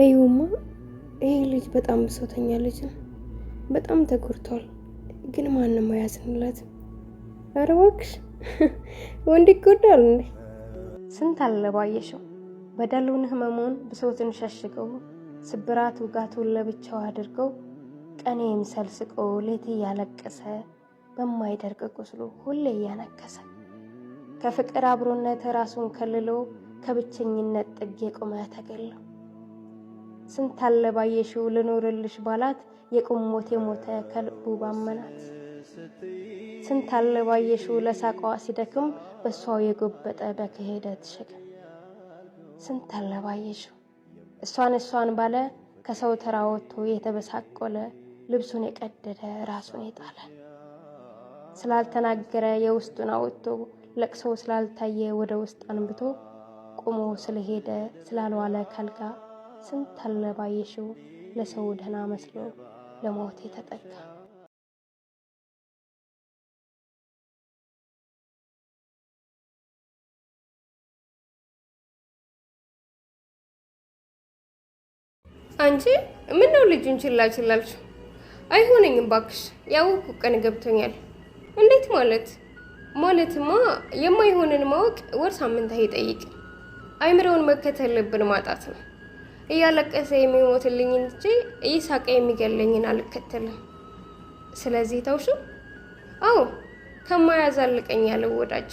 እዩማ ይህ ልጅ በጣም ብሶተኛ ልጅ ነው። በጣም ተጎድቷል፣ ግን ማንም አያዝንለት። ኧረ እባክሽ ወንድ ይጎዳል እንዴ? ስንት አለ ባየሽው። በደሉን፣ ህመሙን፣ ብሶትን ሸሽገው ስብራት ውጋቱን ለብቻው አድርገው ቀኔ ምሰል ሌት እያለቀሰ በማይደርቅ ቁስሉ ሁሌ እያነከሰ ከፍቅር አብሮነት ራሱን ከልሎ ከብቸኝነት ጥግ የቆመ ተገለው ስንት አለባየሽው ልኖርልሽ ባላት የቁሞት የሞተ ከልቡ ባመናት። ስንት አለባየሽው ለሳቋ ሲደክም በእሷው የጎበጠ በክህደት ሸክም። ስንት አለባየሽው እሷን እሷን ባለ ከሰው ተራ ወጥቶ የተበሳቆለ ልብሱን የቀደደ ራሱን የጣለ ስላልተናገረ የውስጡን አወጥቶ ለቅሶ ስላልታየ ወደ ውስጥ አንብቶ ቁሞ ስለሄደ ስላልዋለ ከልጋ? ስንት አለ ለሰው ደህና መስሎ ለሞት የተጠጋ አንቺ ምን ነው ልጁን ችላ ችላልሽ? አይሆነኝም ባክሽ፣ ያወቅኩ ቀን ገብቶኛል። እንዴት ማለት? ማለትማ የማይሆንን ማወቅ ወር ሳምንት አይጠይቅም። አይምረውን መከተልብን ማጣት ነው። እያለቀሰ የሚሞትልኝን እንጂ እየሳቀ የሚገለኝን አልከተልም። ስለዚህ ተውሽ። አዎ ከማያዛልቀኝ ያለው ወዳጅ።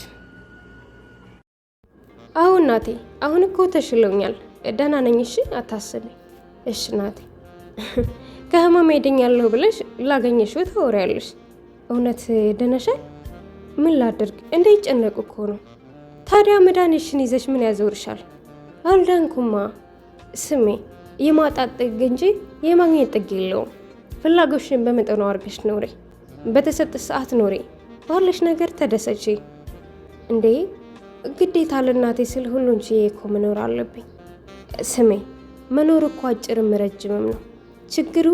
አዎ እናቴ፣ አሁን እኮ ተሽሎኛል፣ ደህና ነኝ። እሺ አታስቢ። እሺ እናቴ፣ ከህመም ሄደኛለሁ ብለሽ ላገኘሽው ታወሪያለሽ። እውነት ደነሻል? ምን ላደርግ ይጨነቁ እኮ ነው። ታዲያ መድኃኒትሽን ይዘሽ ምን ያዘውርሻል? አልዳንኩማ ስሜ የማጣት ጥግ እንጂ የማግኘት ጥግ የለውም። ፍላጎሽን በመጠኑ አድርገሽ ኖሪ፣ በተሰጠ ሰዓት ኖሪ፣ ባለሽ ነገር ተደሰች። እንዴ ግዴታ ለእናቴ ስል ሁሉ እንጂ እኮ መኖር አለብኝ። ስሜ መኖር እኮ አጭርም ረጅምም ነው። ችግሩ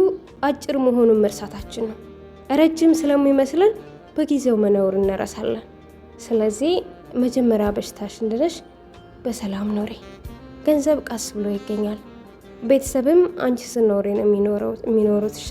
አጭር መሆኑን መርሳታችን ነው። ረጅም ስለሚመስለን በጊዜው መኖር እንረሳለን። ስለዚህ መጀመሪያ በሽታሽ እንድነሽ በሰላም ኖሬ ገንዘብ ቀስ ብሎ ይገኛል። ቤተሰብም አንቺ ስኖሬ ነው የሚኖሩት። እሺ